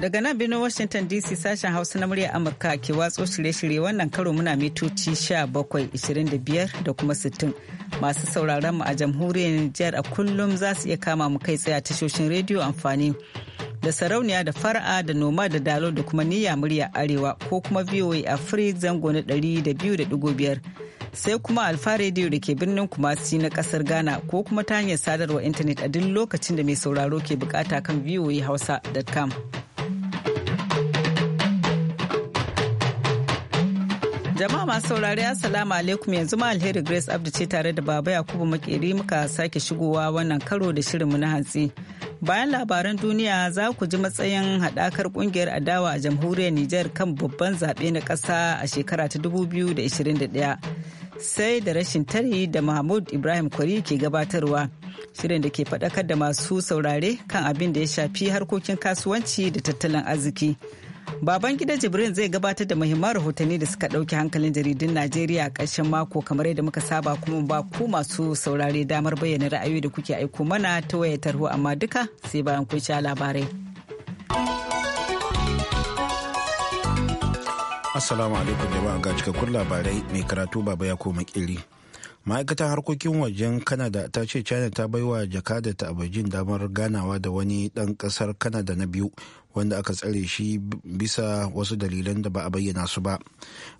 Daga nan birnin Washington DC sashen Hausa na murya Amurka ke watso shirye-shirye wannan karo muna mitoci 17-25 da kuma 60. Masu sauraron mu a jamhuriyar Nijar a kullum za su iya kama mu kai tsaye a tashoshin rediyo amfani da sarauniya da fara'a da noma da dalo da kuma niyya murya arewa ko kuma VOA free zango na 200.5. sai kuma alfa rediyo da ke birnin kumasi na kasar ghana ko kuma ta hanyar sadarwa intanet a duk lokacin da mai sauraro ke bukata kan hausa.com Jama'a masu saurari Assalamu alaikum yanzu ma alheri Grace Abdu ce tare da Baba Yakubu Makeri muka sake shigowa wannan karo da shirinmu na hantsi. Bayan labaran duniya za ku ji matsayin haɗakar ƙungiyar adawa a jamhuriyar niger kan babban zaɓe na ƙasa a shekara ta 2021. Sai da rashin tari da Mahmud Ibrahim Kwari ke gabatarwa. Shirin da ke faɗakar da masu saurare kan abin da ya shafi harkokin kasuwanci da tattalin arziki. Baban gida Jibrin zai gabatar da muhimman rahotanni da suka ɗauki hankalin jaridun Najeriya a ƙarshen mako kamar yadda muka saba kuma ba ku masu saurare damar bayyana ra'ayoyi da kuke aiko mana ta wayar tarho amma duka sai bayan kun sha labarai. Assalamu alaikum jama'a ga cikakkun labarai mai karatu baba ya koma kiri. ma'aikatar harkokin wajen kanada ta ce china ta baiwa jakadata ta abajin damar ganawa da wani dan kasar kanada na biyu wanda aka tsare shi bisa wasu dalilan da ba a bayyana su ba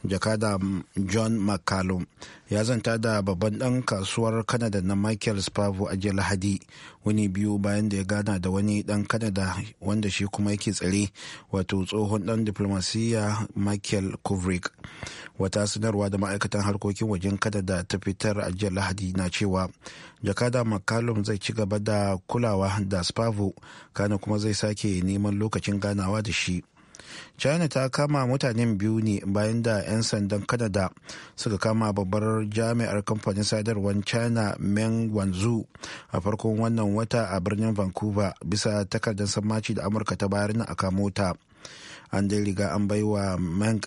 jakada john mccallum ya zanta da babban dan kasuwar kanada na michael spavo a jiya lahadi wani biyu bayan da ya gana da wani dan kanada wanda shi kuma yake tsare wato tsohon dan diplomasiya michael kovrig wata sanarwa da ma'aikatan harkokin wajen da ta fitar a jiya lahadi na cewa jakada mccallum zai ci gaba da kulawa da spavo kana kuma zai sake neman lokacin ganawa da shi china ta kama mutanen biyu ne bayan da 'yan sandan kanada suka kama babbar jami'ar kamfanin sadarwar china meng wanzu a farkon wannan wata a birnin vancouver bisa takardar sammaci da amurka ta bayar na aka mota an dai riga an baiwa meng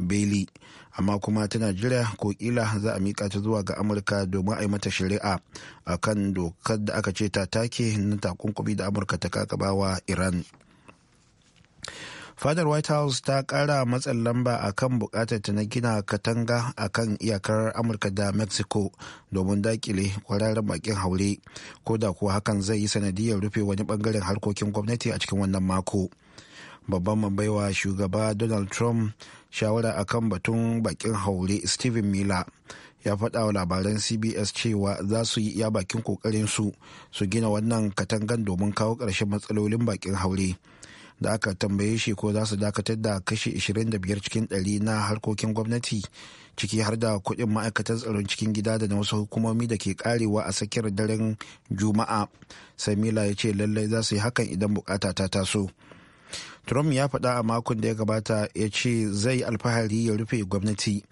bailey amma kuma ta najeriya ko kila za a mika ta zuwa ga amurka domin a yi mata shari'a a kan dokar da aka ce ta take na takunkumi da amurka ta kakabawa iran fadar white house ta kara matsan lamba a kan bukatar ta na gina katanga a kan iyakar amurka da mexico domin dakile kwararren bakin haure ko da kuwa hakan zai yi sanadiyar rufe wani bangaren harkokin gwamnati a cikin wannan mako. babban mabaiwa shugaba donald trump shawara akan batun bakin haure steven miller ya faɗa wa labaran cbs cewa za su yi iya bakin kokarin su su gina wannan katangan domin kawo ƙarshen matsalolin bakin haure da aka tambaye shi ko za su dakatar da kashi 25 cikin 100 na harkokin gwamnati ciki har da kuɗin ma'aikatan tsaron cikin gida da na wasu hukumomi da ke karewa a tsakiyar daren juma'a samila ya ce lallai za su yi hakan idan bukata ta taso. trump ya faɗa a makon da ya gabata ya ce zai alfahari ya rufe gwamnati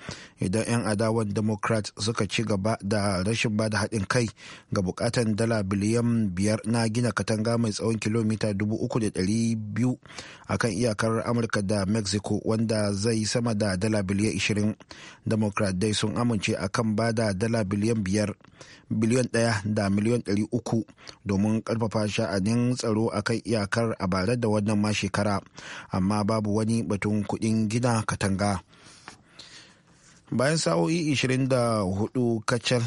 idan 'yan adawan democrat suka ci gaba da rashin ba da haɗin kai ga bukatan dala biliyan biyar na gina katanga mai tsawon kilomita 3,200 a kan iyakar amurka da mexico wanda zai sama da dala biliyan 20 democrat dai sun amince a kan ba da dala biliyan biyar biliyan ɗaya da miliyan ɗari domin ƙarfafa sha'anin tsaro a kan iyakar a bare da wannan ma shekara amma babu wani batun kudin gina katanga bayan sa'o'i 24 kacal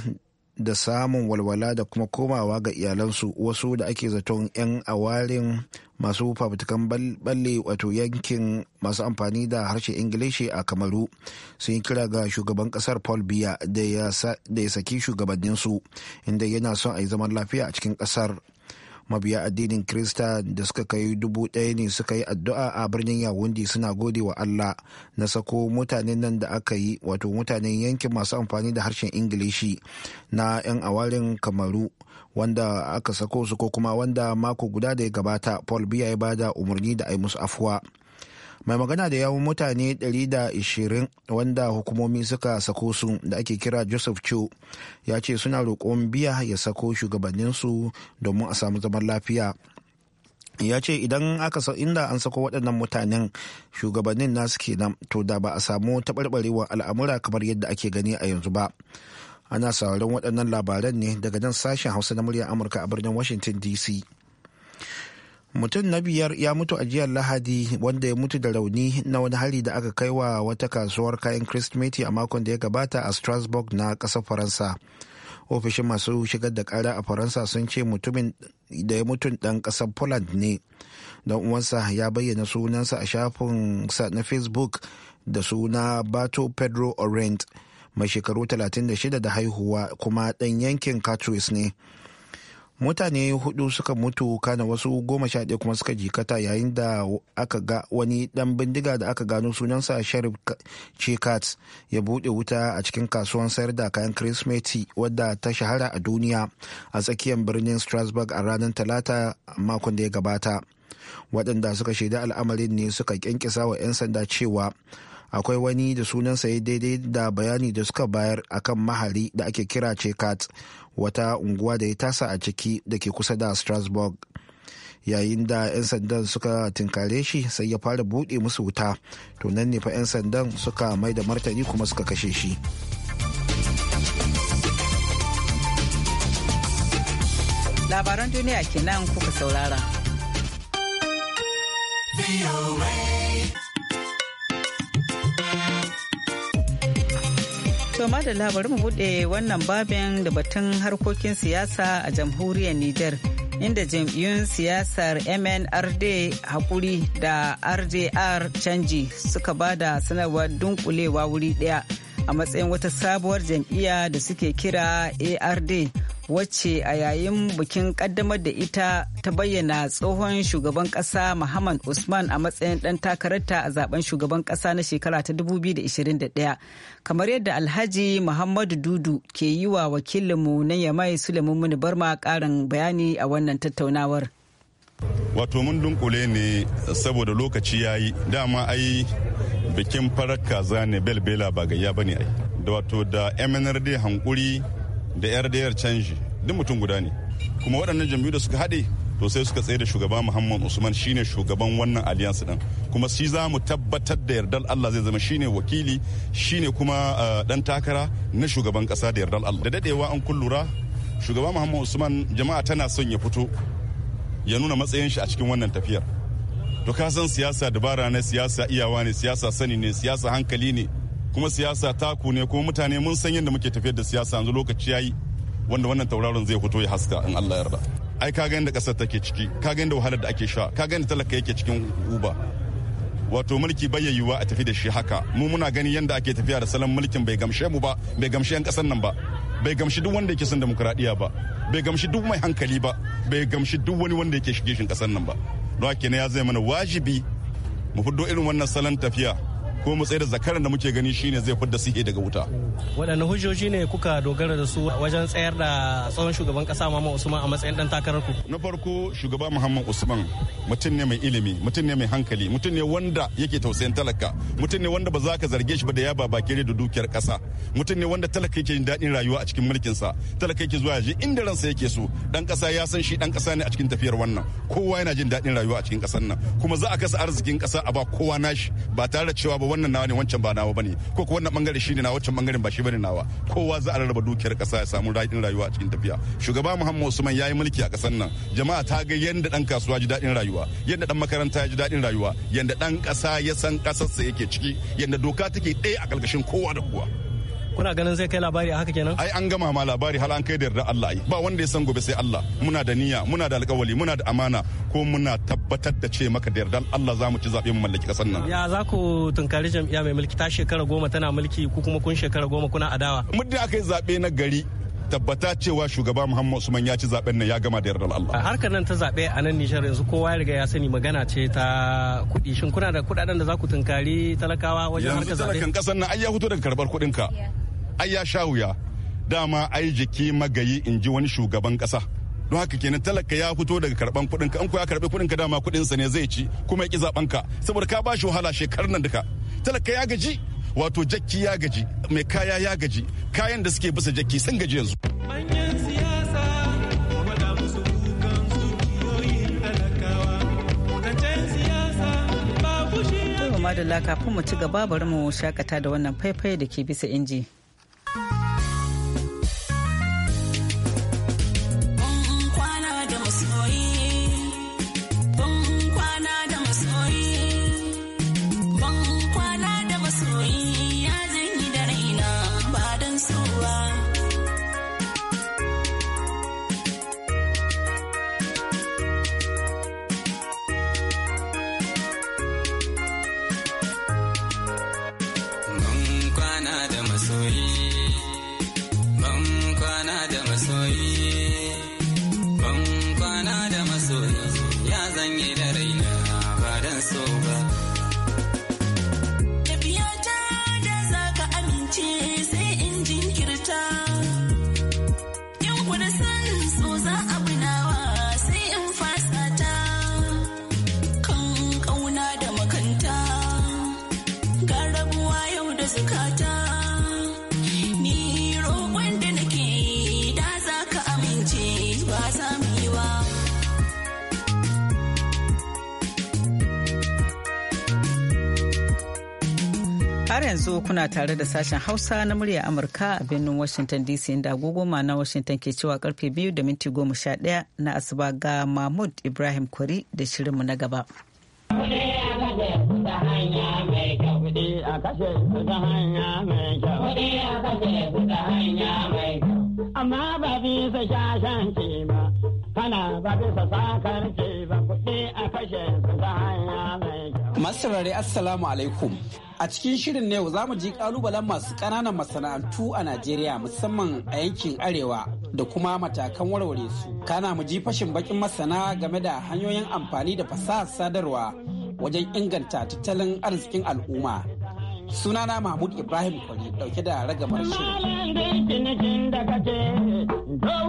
da samun walwala da kuma komawa ga iyalansu wasu da ake zaton 'yan awarin masu fafutukan balle wato yankin masu amfani da harshe ingilishi a kamaru sun yi kira ga shugaban kasar paul biya da ya saki shugabanninsu inda yana son a yi zaman lafiya a cikin kasar mabiya addinin krista da suka kai dubu ɗaya ne suka yi addu'a a birnin yawundi suna gode wa allah na sako mutanen nan da aka yi wato mutanen yankin masu amfani da harshen ingilishi na 'yan awarin kamaru wanda aka sako su ko kuma wanda mako guda da ya gabata paul biya ya bada umarni da ai musu afuwa mai magana da yawun mutane 120 wanda hukumomi suka sako su da ake kira joseph cho ya ce suna roƙon biya ya sako shugabanninsu domin a samu zaman lafiya ya ce idan aka inda an sako waɗannan mutanen shugabannin nasu kenan to da ba a samu taɓarɓarewar al'amura kamar yadda ake gani a yanzu ba ana sauran waɗannan labaran ne daga nan sashen hausa na muryar amurka a birnin washington dc mutum na biyar ya mutu a jiyar lahadi wanda ya mutu da rauni na wani hari da aka kai wa wata kasuwar kayan kirsimeti a makon da ya gabata a strasbourg na ƙasar faransa ofishin masu shigar da kara a faransa sun ce mutumin da ya mutu ɗan ƙasar poland ne don uwansa ya bayyana sunansa a shafin sa na facebook da suna bato pedro orient mai shekaru 36 da haihuwa kuma ɗan yankin catris ne mutane hudu suka mutu kana wasu goma sha ɗaya kuma suka jikata yayin da aka ga wani dan bindiga da aka gano sunansa sharif chekat ya buɗe wuta a cikin kasuwan sayar da kayan kirismeti wadda ta shahara a duniya a tsakiyar birnin strasbourg a ranar talata makon da ya gabata waɗanda suka shaida al'amarin ne suka kyankyasa wa 'yan sanda cewa akwai wani da sunansa ya daidai da bayani da suka bayar akan mahari da ake kira chekat wata unguwa da ya tasa a ciki da ke kusa da strasbourg yayin da 'yan sandan suka tinkare shi sai ya fara buɗe musu wuta to nan ne fa 'yan sandan suka mai da martani kuma suka kashe shi labaran duniya kenan kuka saurara. To da bari mu bude wannan babin da batun harkokin siyasa a jamhuriyar Nijar. Inda jam'iyyun siyasar MNRD hakuri da RJR canji suka ba da sanarwar dunkulewa wuri daya a matsayin wata sabuwar jam'iyya da suke kira ARD wacce a yayin bikin kaddamar da ita ta bayyana tsohon shugaban kasa Muhammad Usman a matsayin dan takararta a zaben shugaban kasa na shekara ta 2021. Kamar yadda Alhaji Muhammadu Dudu ke yi wa wakilinmu na Yamai Suleiman Muni Barma karin bayani a wannan tattaunawar. Wato mun dunkule ne saboda lokaci yayi dama ai bikin farar kaza ne belbela ba gayya bane ai. Da wato da MNRD hankuri da rdr canji duk mutum guda ne kuma waɗannan jam'iyyu da suka haɗe to sai suka tsaye da shugaba muhammad usman shine shugaban wannan alliance din kuma shi za mu tabbatar da yardar allah zai zama shine wakili shine kuma dan eh, takara na shugaban kasa da yardar allah da dadewa an kullura shugaba muhammad usman jama'a tana son ya fito ya nuna matsayin shi a cikin wannan tafiyar to ka san siyasa dabara ne siyasa iyawa ne siyasa sani ne siyasa hankali ne kuma siyasa ta ne kuma mutane mun san yadda muke tafiyar da siyasa yanzu lokaci yayi wanda wannan tauraron zai fito ya haska in Allah yarda ai ka ga yadda kasar take ciki ka ga yadda wahalar da ake sha ka ga yadda talaka yake cikin uba wato mulki bai yiwuwa a tafi da shi haka mu muna gani yadda ake tafiya da salon mulkin bai gamshe mu ba bai gamshe yan kasar nan ba bai gamshi duk wanda yake son demokuraɗiyya ba bai gamshi duk mai hankali ba bai gamshi duk wani wanda yake shige shin kasar nan ba don haka ya zai mana wajibi mu fito irin wannan salon tafiya ko mu da zakaran da muke gani shine zai fudda sihe daga wuta waɗanne hujjoji ne kuka dogara da su wajen tsayar da tsawon shugaban kasa Muhammadu Usman a matsayin dan takarar ku na farko shugaba Muhammad Usman mutum ne mai ilimi mutum ne mai hankali mutum ne wanda yake tausayin talaka mutum ne wanda ba za ka zarge shi ba da ya ba bakire da dukiyar kasa mutum ne wanda talaka yake jin daɗin rayuwa a cikin mulkin sa talaka yake zuwa ji inda ransa yake so dan kasa ya san shi dan kasa ne a cikin tafiyar wannan kowa yana jin daɗin rayuwa a cikin kasar nan kuma za a kasa arzikin kasa a ba kowa nashi ba tare da cewa ba wannan nawa ne wancan ba nawa bane ko ko wannan bangare shine nawa wancan bangaren ba shi bane nawa kowa za a rarraba dukiyar kasa ya samu daɗin rayuwa a cikin tafiya shugaba Muhammad Usman yayi mulki a kasar nan jama'a ta ga yanda dan kasuwa ji daɗin rayuwa yanda dan makaranta ya ji daɗin rayuwa yanda dan kasa ya san kasarsa yake ciki yanda doka take ɗaya a ƙarƙashin kowa da kowa kuna ganin zai kai labari a haka kenan ai an gama ma labari har an kai da yarda Allah ba wanda ya san gobe sai Allah muna da niyya muna da alƙawali muna da amana ko muna tabbatar da ce maka da yarda Allah za mu ci zaɓe mu mallaki ƙasar nan ya za ku tunkari jam'iyya mai mulki ta shekara goma tana mulki ku kuma kun shekara goma kuna adawa muddin aka yi zaɓe na gari tabbata cewa shugaba Muhammad Usman ya ci zaben nan ya gama da yardar Allah. Harkar nan ta zabe a nan Nijar yanzu kowa ya riga ya sani magana ce ta kuɗi shin kuna da kuɗaɗen da za ku tunkari talakawa wajen harkar zabe. Yanzu talakan ƙasar nan ai ya fito daga karɓar kuɗin ka. Ai ya sha wuya. Dama ai jiki magayi in ji wani shugaban ƙasa. don haka kenan talaka ya fito daga karban kuɗin ka in ko ya karbi kuɗin ka dama kuɗin sa ne zai ci kuma ya ki zaben ka saboda ka ba shi wahala shekarun nan duka talaka ya gaji wato jakki ya gaji mai kaya ya gaji kayan da suke bisa jakki sun gaji yanzu madalla kafin mu ci gaba bari mu shakata da wannan faifai da ke bisa inji. kuna tare da sashen Hausa na murya Amurka a birnin Washington DC inda agogo na Washington ke cewa karfe biyu da minti goma sha ɗaya na asuba ga Mahmud Ibrahim Kwari da shirinmu na gaba. Amma ba bisa shashanci ba, kana ba ba kuɗi a kashe su ta hanya. Masu Assalamu alaikum. A cikin shirin na yau za mu ji kalubalen masu ƙananan masana'antu a Najeriya musamman a yankin Arewa da kuma matakan warware su. Kana mu ji fashin bakin masana game da hanyoyin amfani da fasahar sadarwa wajen inganta tattalin arzikin al'umma. sunana mahmud ibrahim kwari dauke da ragamar shi a shirin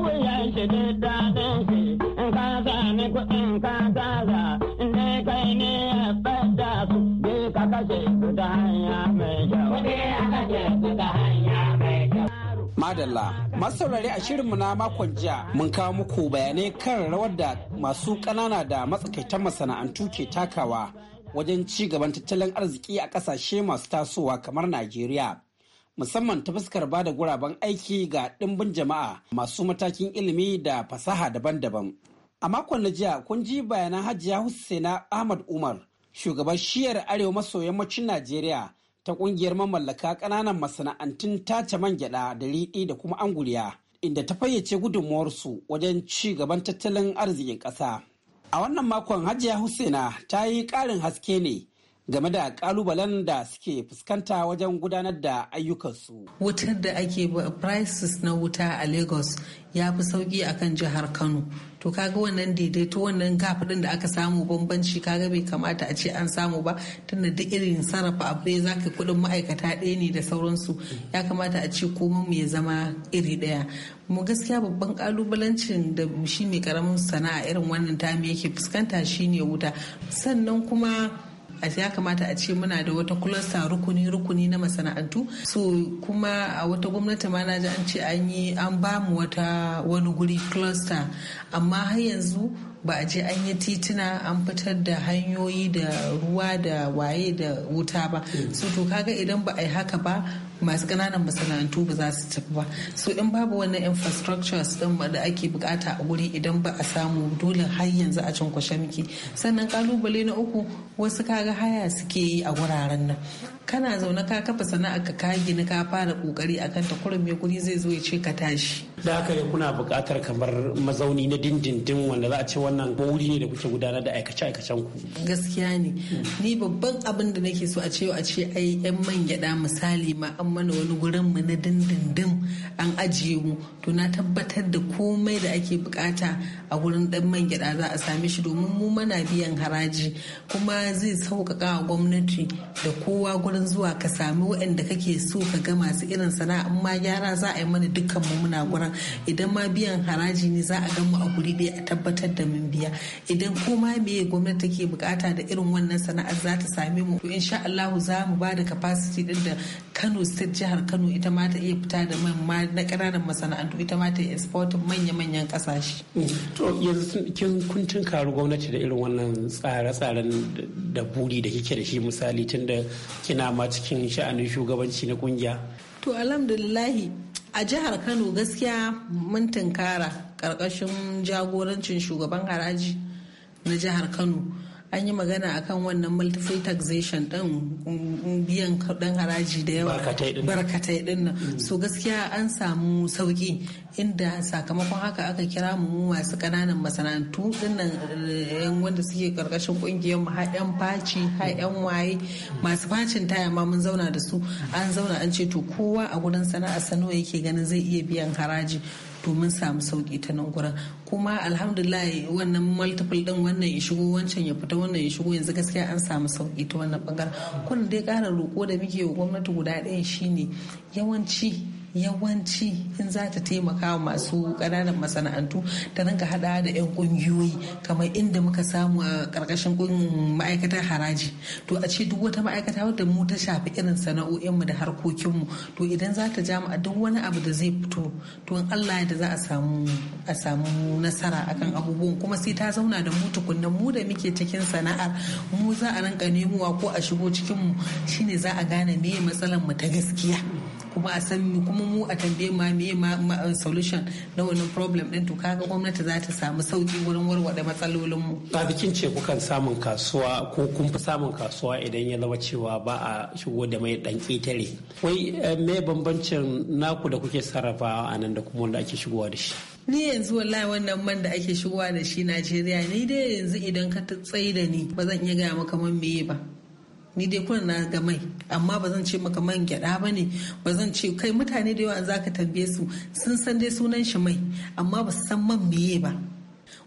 mu Madalla, masu saurare a shirinmu na makon jiya mun kawo muku bayanai kan rawar da masu ƙanana da matsakaitan masana'antu ke takawa wajen ci gaban tattalin arziki a ƙasashe masu tasowa kamar Najeriya. Musamman ta fuskar ba da guraben aiki ga ɗimbin jama'a masu matakin ilimi da fasaha daban-daban. A makon na jiya kun ji bayanan Hajiya Hussaina Ahmad Umar, shugaban shiyar Arewa maso yammacin Najeriya ta ƙungiyar mamallaka ƙananan masana'antun tace man gyaɗa da riɗi da kuma anguriya, inda ta fayyace gudunmuwarsu wajen ci gaban tattalin arzikin ƙasa. A wannan makon Hajiya Husaina ta yi ƙarin haske ne game da kalubalen da suke fuskanta wajen gudanar da ayyukansu. Wutar da ake prices na wuta a Lagos ya fi sauki a kan jihar Kano. To kaga wannan daidaito wannan ɗin da aka samu bambanci kaga bai kamata a ce an samu ba tunda duk irin sarrafa abu ne zaka kuɗin ma'aikata ɗaya ne da sauransu ya kamata a ce ko mu ya zama iri ɗaya. Mu gaskiya babban kalubalancin da shi mai karamin sana'a irin wannan tamu yake fuskanta shine wuta sannan kuma a ya kamata a ce muna da wata kulasta rukuni rukuni na masana'antu so kuma a wata gwamnati ma na an ce an yi an ba mu wata wani guri kulasta amma har yanzu ba a je an yi tituna an fitar da hanyoyi da ruwa da waye da wuta ba mm. so to kaga idan ba a yi haka ba masu kananan masana'antu ba za su tafi ba so in babu wannan infrastructures din da ake bukata a guri idan ba a samu dole har yanzu a cinkushe kwashamki sannan kalubale na uku wasu kaga haya suke yi a wuraren nan kana zaune ka kafa sana'a ka gini ka fara kokari akan ta kurum me guri zai zo ya ce ka tashi da haka ne kuna buƙatar kamar mazauni na dindindin wanda za a ce wannan wuri ne da kuke gudanar da aikace-aikacen ku gaskiya ne ni babban abin da nake so a ce a ce ai yan man gyada misali ma an mana wani gurin mu na dindindin an ajiye mu to na tabbatar da komai da ake bukata a gurin dan man gyada za a same shi domin mu mana biyan haraji kuma zai sauƙaƙa wa gwamnati da kowa gurin zuwa ka sami waɗanda kake so ka ga masu irin sana'a amma gyara za a yi mana dukkan mu muna gurin idan ma biyan haraji ne za a gan mu a guri ɗaya a tabbatar da mun biya idan ma meye gwamnati take bukata da irin wannan sana'ar za ta same mu to insha Allah za mu ba da capacity din da Kano state jihar Kano ita ma ta iya fita da man ma na ƙananan masana'antu ita ma ta export manya-manyan kasashe. to yanzu kin kun tunkaru gwamnati da irin wannan tsare-tsaren da buri da kike da shi misali tun da kina ma cikin sha'anin shugabanci na kungiya to alhamdulillahi a jihar kano gaskiya mun tunkara karkashin jagorancin shugaban haraji na jihar kano an yi magana a kan wannan multiple taxation din um, um, biyan kudin haraji da yawa barkatai din nan mm. so gaskiya an samu sauki inda sakamakon haka aka kira mu masu kananan masana'antu din nan eh, wanda suke karkashin kungiyar mu har yan faci har yan waye masu facin taya ma mun zauna da su an zauna an ce to kowa a gurin sana'a sanawa yake ganin zai iya biyan haraji domin samu sauki ta nan gurin kuma alhamdulillah wannan multiple din wannan ya shigo wancan ya fita wannan ya shigo yanzu gaskiya an samu sauki ta wannan bangaren kun dai kara roƙo da muke wa gwamnati guda ɗaya shine yawanci yawanci in za ta taimaka masu ƙananan masana'antu ta rinka hada da 'yan ƙungiyoyi kamar inda muka samu a ƙarƙashin ma'aikatar haraji to a ce duk wata ma'aikata wadda mu ta shafi irin sana'o'inmu da harkokinmu to idan za ta ja mu a duk wani abu da zai fito to in Allah da za a samu nasara akan abubuwan kuma sai ta zauna da mu tukunna mu da muke cikin sana'ar mu za a rinka nemowa ko a shigo cikinmu mu shine za a gane me matsalar mu ta gaskiya kuma a san kuma mu a tambaye ma me ma uh, solution na wannan problem din to kaga gwamnati za ta samu sauki wurin warware matsalolin mu ba bikin ce kukan samun kasuwa ko kun fi samun kasuwa idan ya zama cewa ba a shigo da mai dan ketare wai eh, me bambancin naku da kuke sarrafa a nan da kuma wanda ake shigowa da shi ni yanzu wallahi wannan man da ake shigowa da shi Najeriya ni dai yanzu idan ka tsaida ni ba zan iya gaya maka man meye ba ni dai kullum na ga mai amma ba zan ce maka man gyada ba ne ba zan ce kai mutane da yawa za ka tambaye su sun san dai sunan shi mai amma ba su san man meye ba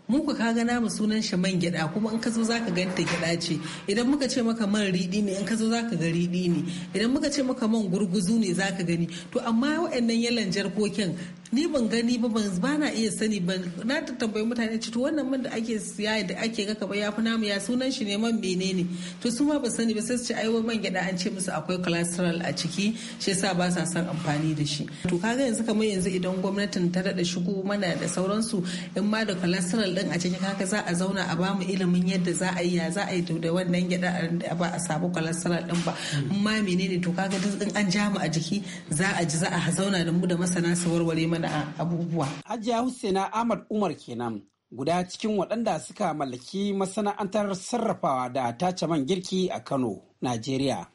mu ku ka gana mu sunan shi man gyada kuma in ka zo za ka ganta gyada ce idan muka ce maka man riɗi ne in ka zo za ka ga riɗi ne idan muka ce maka man gurguzu ne za ka gani to amma waɗannan yalan jarkokin ni ban gani ba ban ba na iya sani ba na ta tambayi mutane ce to wannan man da ake siya da ake ga ba ya fi namu ya sunan shi ne man menene to su ma ba sani ba sai su ce ai wai man gyada an ce musu akwai cholesterol a ciki shi yasa ba sa son amfani da shi to kaga yanzu kamar yanzu idan gwamnatin ta dada shigo mana da sauransu in ma da cholesterol din a cikin haka za a zauna a bamu ilimin yadda za a yi ya za a yi da wannan gyada ba a samu cholesterol din ba in hmm. ma menene to kaga duk in an ja mu a jiki za a ji za a zauna da mu da masana su warware mana abubuwa. Hajiya Hussaina Ahmad Umar kenan guda cikin waɗanda suka mallaki masana'antar sarrafawa da tace man girki a Kano, Najeriya.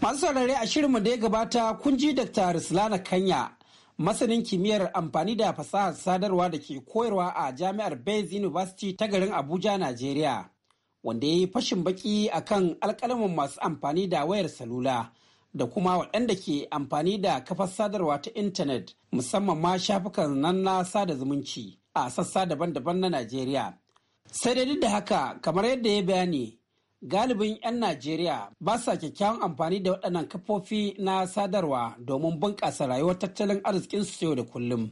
Masu saurare a shirinmu da ya gabata kun ji Dr. Ruslana Kanya masanin kimiyyar amfani da fasahar sadarwa da ke koyarwa a jami'ar Bayes University ta garin Abuja, Najeriya. Wanda ya yi fashin baki akan alkalamin masu amfani da wayar salula da kuma waɗanda ke amfani da kafar sadarwa ta intanet musamman ma shafukan nan na sada zumunci a sassa daban-daban na Najeriya. Sai dai da haka kamar yadda ya bayani galibin 'yan Najeriya ba sa kyakkyawan amfani da waɗannan kafofi na sadarwa domin bunƙasa rayuwar tattalin arzikin su yau da kullum.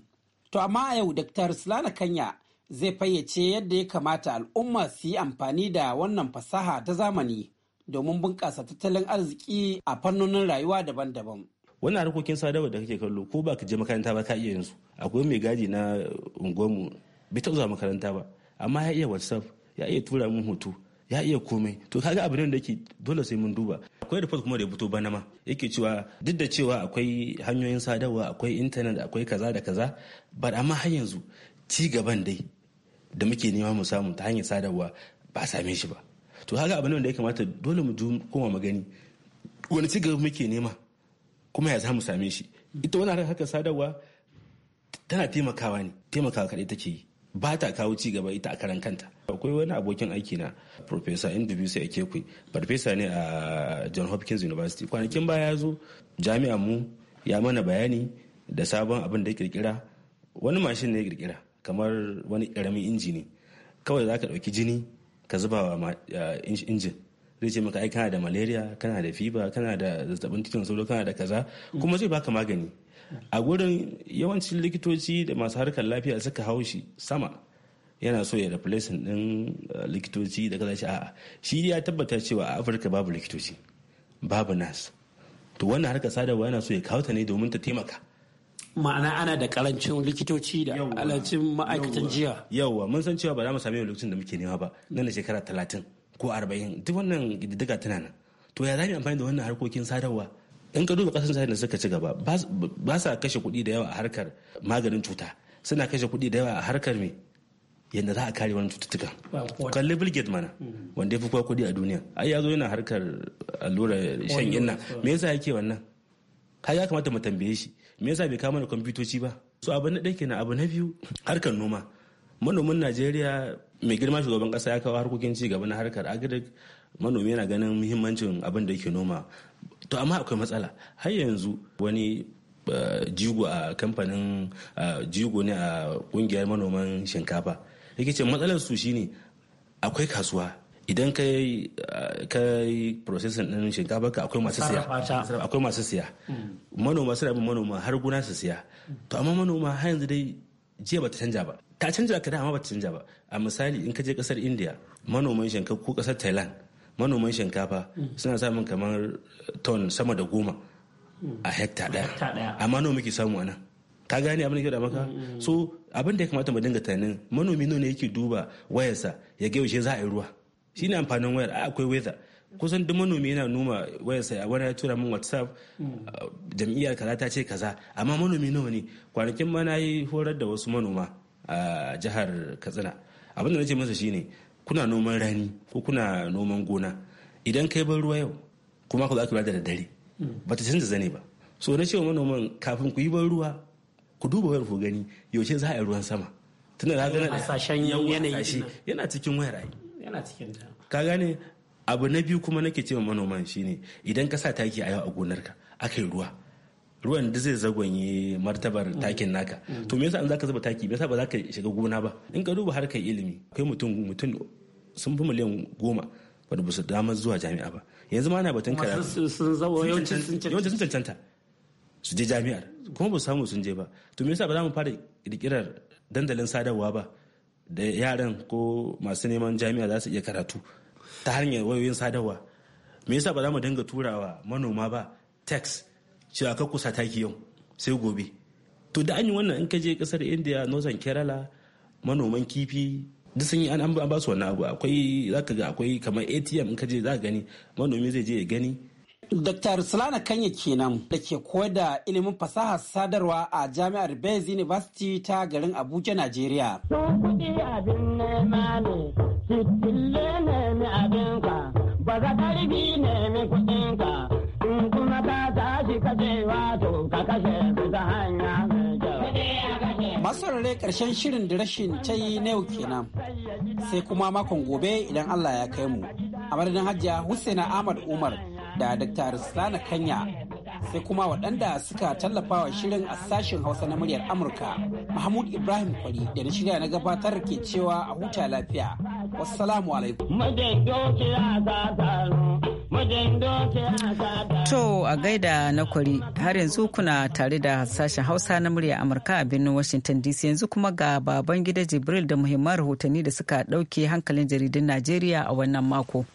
To amma a yau Dr. Sulana Kanya zai fayyace yadda ya kamata al'umma su yi amfani da wannan fasaha ta zamani domin bunƙasa tattalin arziki a fannonin rayuwa daban-daban. wannan harkokin sadarwa da kake kallo ko ba ka je makaranta ba ka iya yanzu akwai mai gadi na unguwarmu bai taɓa zuwa makaranta ba amma ya iya whatsapp ya iya tura min hoto ya iya komai to kaga abu ne da yake dole sai mun duba akwai report kuma da ya fito bana ma yake cewa duk da cewa akwai hanyoyin sadarwa akwai intanet akwai kaza da kaza ba amma har yanzu ci gaban dai da muke nema mu samu ta hanyar sadarwa ba same shi ba to haka abin da ya kamata dole mu koma mu gani wani ci gaba muke nema kuma ya za mu same shi ita wani haka sadarwa tana taimakawa ne taimakawa kaɗai take yi ba ta kawo ci gaba ita a karan kanta akwai wani abokin aiki na professor ndbc a kekwe farfesa ne a john hopkins university kwanakin baya ya zo jami'a mu ya mana bayani da sabon abin da ya kirkira wani mashin ne ya kirkira kamar wani karamin inji ne kawai za ka ɗauki jini ka zuba wa injin zai ce maka ai kana da malaria kana da fiba kana da zazzabin cikin sauro kana da kaza kuma zai baka magani a gurin yawancin likitoci da masu harkar lafiya suka hau shi sama yana so ya replacing din uh, likitoci da kaza shi a'a shi ya tabbata cewa a afirka babu likitoci babu nas to wannan harkar sadarwa yana so ya kawo ta ne domin ta taimaka ma'ana ana da karancin likitoci da karancin ma'aikatan jiya yauwa mun san cewa ba za mu sami lokacin da muke nema ba nan da shekara talatin ko arba'in duk wannan diddiga tana nan to ya za mu amfani da wannan harkokin sadarwa in ka duba kasashen da suka ci gaba ba sa kashe kuɗi da yawa a harkar maganin cuta suna kashe kuɗi da yawa a harkar me yadda za a kare wani cututtukan kalli bill gates mana mm-hmm. wanda ya fi kowa kuɗi a duniya ai ya zo yana harkar allura shan inna me yasa yake wannan ka ya kamata mu tambaye shi me yasa bai kama da kwamfutoci ba so abu na ɗaya kenan abu na biyu harkar noma manomin najeriya mai girma shugaban kasa ya kawo harkokin ci gaba na harkar agric manomi yana ganin muhimmancin abin da yake noma to amma akwai matsala har yanzu wani eh, jigo a kamfanin eh, jigo ne a kungiyar manoman shinkafa yake ce matsalar su shine akwai kasuwa idan ka yi processing din shinkafa ka akwai masu siya akwai masu siya mm. manoma suna bin manoma har guna su siya to amma manoma har yanzu dai jiya ta canja ba ta canja ka da amma ta canja ba a misali in ka je kasar India manoman shinkafa ko kasar Thailand manoman shinkafa mm. suna samun kamar ton sama da goma a hekta daya mm. amma nawa muke samu anan ka gane abin da ke da maka so abin da ya kamata mu dinga tunanin manomi nuna ne yake duba wayarsa ya ga yaushe za a yi ruwa Shi ne amfanin wayar akwai weather kusan duk manomi yana noma wayarsa a wani ya tura min whatsapp ah, jam'iyyar kaza ta ce kaza amma manomi nawa ne kwanakin ma na yi horar da wasu manoma a jihar katsina abin da na ce masa shine kuna noman rani ko kuna noman gona idan kai bar ruwa yau kuma ku za ku da dare ba ta canza zane ba so na ce wa manoman kafin ku yi ban ruwa ku duba wayar ku gani yaushe za a yi ruwan sama tunda na ga yana cikin wayar ai yana cikin ta ka gane abu na biyu kuma nake cewa manoman shine idan ka sa taki a yau a gonarka aka yi ruwa ruwan da zai zagonye martabar mm. takin naka mm. to me yasa an zaka zuba taki me yasa ba zaka shiga gona ba in ka duba harkar ilimi akwai mutum mutum sun fi miliyan goma wanda ba su damar zuwa jami'a ba yanzu ma ana batun karatu sun yawancin sun cancanta su je jami'ar kuma ba su samu sun je ba to me yasa ba za mu fara kirkirar dandalin sadarwa ba da yaran ko masu neman jami'a za su iya karatu ta hanyar wayoyin sadarwa me yasa ba za mu dinga wa manoma ba Tax. cewa ka kusa taki yau sai gobe to da anyi wannan in ka je kasar india northern kerala manoman kifi duk sun yi an ba su wannan abu akwai ka ga akwai kamar atm in ka je za gani manomi zai je ya gani Dr. Ruslana Kanya kenan da ke koyar da ilimin fasahar sadarwa a Jami'ar Bayes University ta garin Abuja, Najeriya. kuɗi abin nema ne, ta Masarare ƙarshen shirin da rashin tayi na yau kenan, sai kuma makon gobe idan Allah ya kai mu. A madadin Hajiya Hussaina Ahmad Umar. da Dr. Sana Kanya sai kuma waɗanda suka tallafa wa shirin a sashen Hausa na muryar Amurka. Mahmud Ibrahim Kwari da na shirya na gabatar ke cewa a huta lafiya. Wassalamu alaikum. To a gaida na kwari har yanzu kuna tare da sashen Hausa na murya Amurka a birnin Washington DC yanzu kuma ga baban gida Jibril da muhimman rahotanni da suka ɗauke hankalin jaridun Najeriya a wannan mako.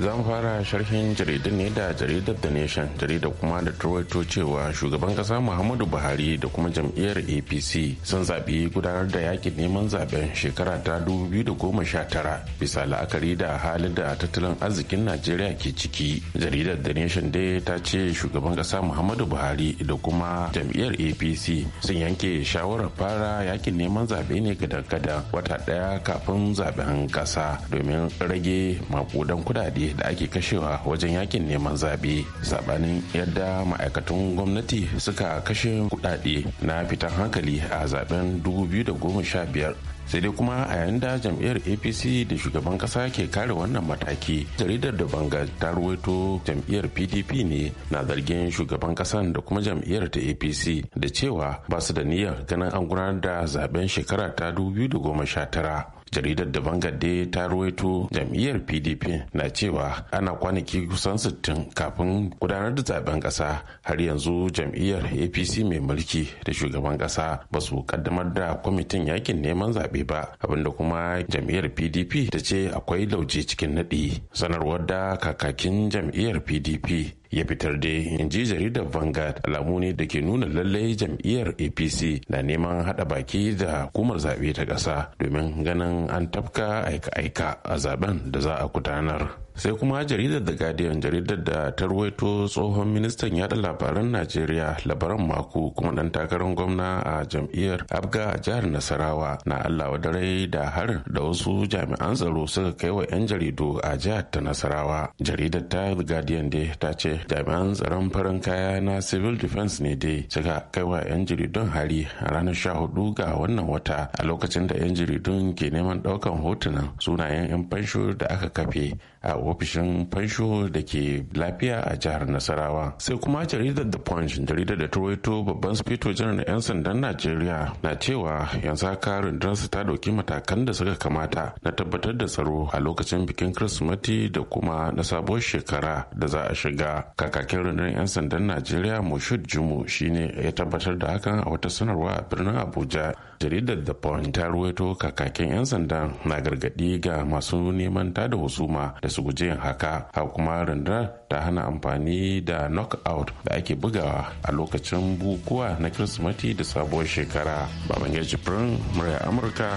Zan fara sharhin jaridun ne da jaridar da nation jaridar kuma da turwaito cewa shugaban kasa muhammadu buhari da kuma jam'iyyar apc sun zaɓi gudanar da yakin neman zaɓen shekara ta 2019 bisa la'akari da halin da tattalin arzikin najeriya ke ciki jaridar da nation dai ta ce shugaban kasa muhammadu buhari da kuma jam'iyyar apc sun yanke shawarar fara yakin neman zaɓe ne gada-gada wata ɗaya kafin zaɓen kasa domin rage makudan kudade da ake kashewa wajen yakin neman zaɓe saɓanin yadda ma'aikatan gwamnati suka kashe kuɗaɗe na fitan hankali a zaben 2015 sai dai kuma a yayin da jam'iyyar apc da shugaban ƙasa ke kare wannan mataki jaridar da banga ta ruwaito jam'iyyar pdp ne na zargin shugaban ƙasan da kuma jam'iyyar ta apc da cewa ba su da niyyar ganin an gudanar da zaben shekara ta 2019 jaridar da bangade ta ruwaito jam'iyyar pdp na cewa ana kwanaki kusan 60 kafin gudanar da zaben kasa har yanzu jam'iyyar apc mai mulki da shugaban kasa ba su kaddamar da kwamitin yakin neman zaɓe ba abinda kuma jam'iyyar pdp ta ce akwai lauje cikin naɗi sanarwar da kakakin jam'iyyar pdp ya fitar da in ji jaridar Vanguard alamu ne da ke nuna lallai jam'iyyar APC na neman hada baki da hukumar zaɓe ta ƙasa domin ganin an tafka aika-aika a zaben da za a gudanar. sai kuma jaridar da guardian jaridar da ta ruwaito tsohon ministan yada labaran najeriya labaran mako kuma dan takarar gwamna a jam'iyyar abga a jihar nasarawa na allah wadarai da har da wasu jami'an tsaro suka kai wa 'yan jaridu a jihar ta nasarawa jaridar ta the guardian dai ta ce jami'an tsaron farin kaya na civil defense ne dai suka kai wa 'yan jaridun hari a ranar 14 ga wannan wata a lokacin da 'yan jaridun ke neman daukan hotunan sunayen 'yan fansho da aka kafe a ofishin fansho da ke lafiya a jihar nasarawa sai kuma jaridar the punch jaridar da turoito babban spito janar na 'yan sandan najeriya na cewa yanzu haka rundunarsa ta dauki matakan da suka kamata na tabbatar da tsaro a lokacin bikin kirsimati da kuma na sabuwar shekara da za a shiga kakakin rundunar 'yan sandan najeriya moshud jumu shine ya tabbatar da hakan a wata sanarwa a birnin abuja jaridar da point ta ruwaito kakakin 'yan sanda na gargadi ga masu neman ta da husuma da su guji yin haka ha kuma rundunar ta hana amfani da knockout da ake bugawa a lokacin bukuwa na kirsimati da sabuwar shekara babangeji jibrin murya amurka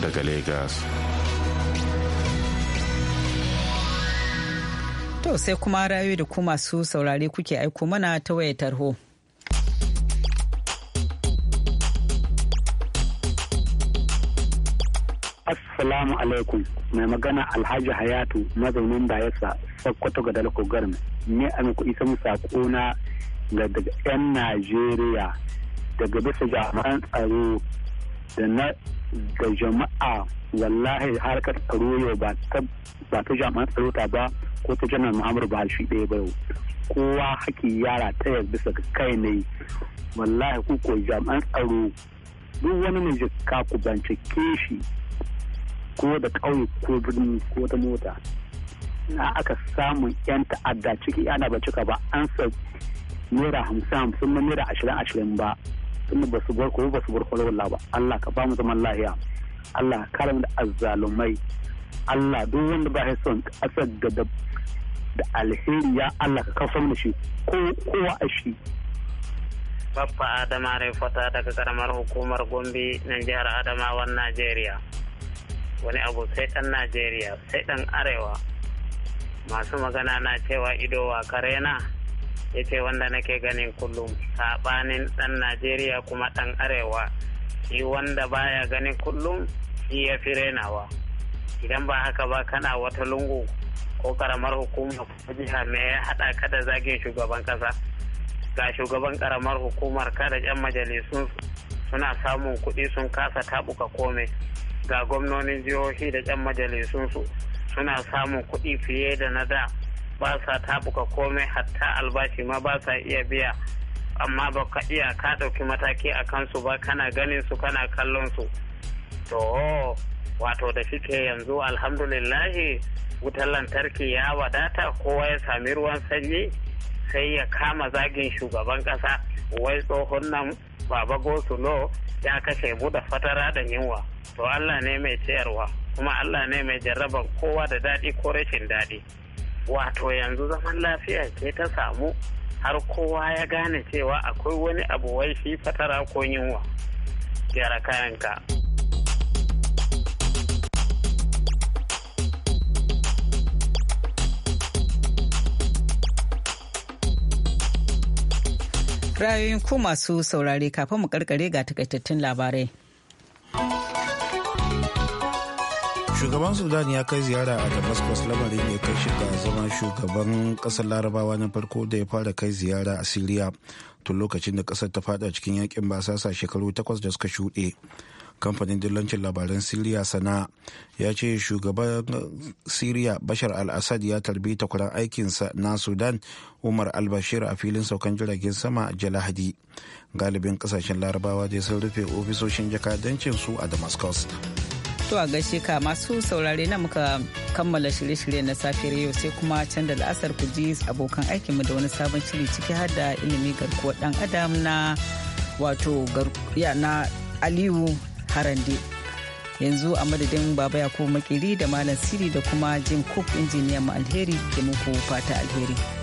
daga lagos to sai kuma rayu da ku masu saurare kuke aiko mana ta wayar tarho Assalamu alaikum mai magana Alhaji Hayatu mazaunin Bayelsa Sokoto ga Dalko Garmi ne a muku isa mu sako na daga 'yan Najeriya daga bisa jami'an tsaro da na da jama'a wallahi harkar tsaro yau ba ta jami'an tsaro ta ba ko ta janar Muhammadu Buhari shi ɗaya ba yau kowa haki yara ta yarda bisa kai ne wallahi ku ko jami'an tsaro duk wani mai jikka ku bincike shi ko da ƙauye ko birni ko ta mota na aka samun 'yan ta'adda ciki ana ba cika ba an sa naira hamsin hamsin na naira ashirin ashirin ba sun ba su bar ba su bar kwalwala ba Allah ka ba mu zaman lahiya Allah kare mu da azzalumai Allah duk wanda ba ya son ƙasar da da alheri ya Allah ka kafa mu shi ko kowa a shi Baffa Adama Fata daga karamar hukumar Gombe na jihar Adamawan Najeriya. wani abu sai dan najeriya sai dan arewa masu magana na cewa ido wa na ya ce wanda nake ganin kullum saɓanin dan najeriya kuma ɗan arewa shi wanda baya ganin kullum shi ya fi renawa idan ba haka ba kana wata lungu ko karamar hukuma ko jiha me ya haɗa ka da zagin shugaban ƙasa ga shugaban karamar hukumar ka da 'yan majalisun suna samun kuɗi sun kasa taɓuka komai ga gwamnonin jihohi da 'yan majalisun su suna samun kuɗi fiye da na da ba sa tabuka komai hatta albashi ma ba sa iya biya amma ba ka iya ka ɗauki mataki a kansu ba kana ganin su kana kallon su to wato da shike yanzu alhamdulillahi wutar lantarki ya wadata kowa ya sami ruwan sanyi sai ya kama zagin shugaban ƙasa wai tsohon nan baba gosulo ya kashe mu da fatara da yunwa to Allah ne mai sayarwa kuma Allah ne mai jarraban kowa da daɗi ko rashin daɗi wato yanzu zaman lafiya ke ta samu har kowa ya gane cewa akwai wani abu wai shi fatara ko yunwa gyara kayanka rayoyin ku masu saurare kafin mu karkare ga takaitattun labarai shugaban sudan ya kai ziyara a damascus lamarin ya kai shiga zama shugaban kasar larabawa na farko da ya fara kai ziyara a syria tun lokacin da kasar ta fada cikin yakin basasa shekaru takwas da suka shuɗe kamfanin dillancin labaran syria sana ya ce shugaban syria bashar al-assad ya tarbi takwaran aikinsa na sudan umar al-bashir a filin saukan jiragen sama a jalahadi galibin kasashen larabawa dai sun rufe ofisoshin jakadancin su a damascus To a gaishe ka masu saurare na muka kammala shirye-shirye na safe yau sai kuma can da la'asar ku ji abokan aikin mu da wani sabon shiri ciki har da ilimi garkuwar dan adam na wato ya na aliyu harande yanzu a madadin baba ko makiri da malam siri da kuma jim cook injiniyan mu alheri ke muku fata alheri.